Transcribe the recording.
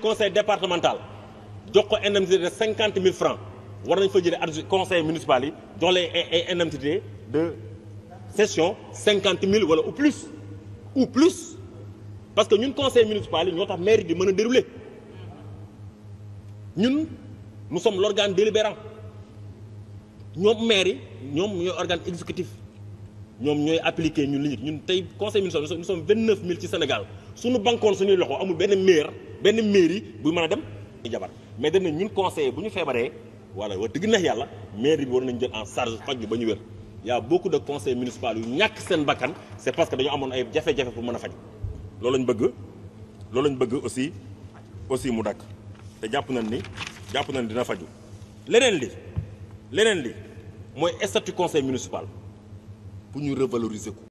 conseil départemental jox ko indemnité de cinquante mille francs war nañ fa jëlee adju conseil municipal yi jox leen ay indemnité de session cinquante mille wala ou plus ou plus parce que ñun conseil municipal yi ñoo tax mairie di mën a dérulé ñun nous sommes l'organe délibérant ñoom maire yi ñoom ñooy organe exécutif ñoom ñooy appliquer ñun li ñun tey conseil municipal nous sommes vingt neuf mille ci Sénégal suñu bankoon suñuy loxo amul benn maire benn mairie buy mën a dem jabar mais dañ ne ñun conseiller bu ñu feebaree wala wax dëgg neex yàlla mairie bi war nañ jël en charge faj bi ba ñu wér yaa a beaucoup de conseils municipaux yu ñàkk seen bakkan c'est parce que dañu amoon ay jafe-jafe pour mën a faj loolu lañ bëgg loolu lañ bëgg aussi aussi mu dakk te jàpp nañ ni jàpp nañ dina faju leneen li leneen li mooy statut conseil municipal pour ñu revaloriser ko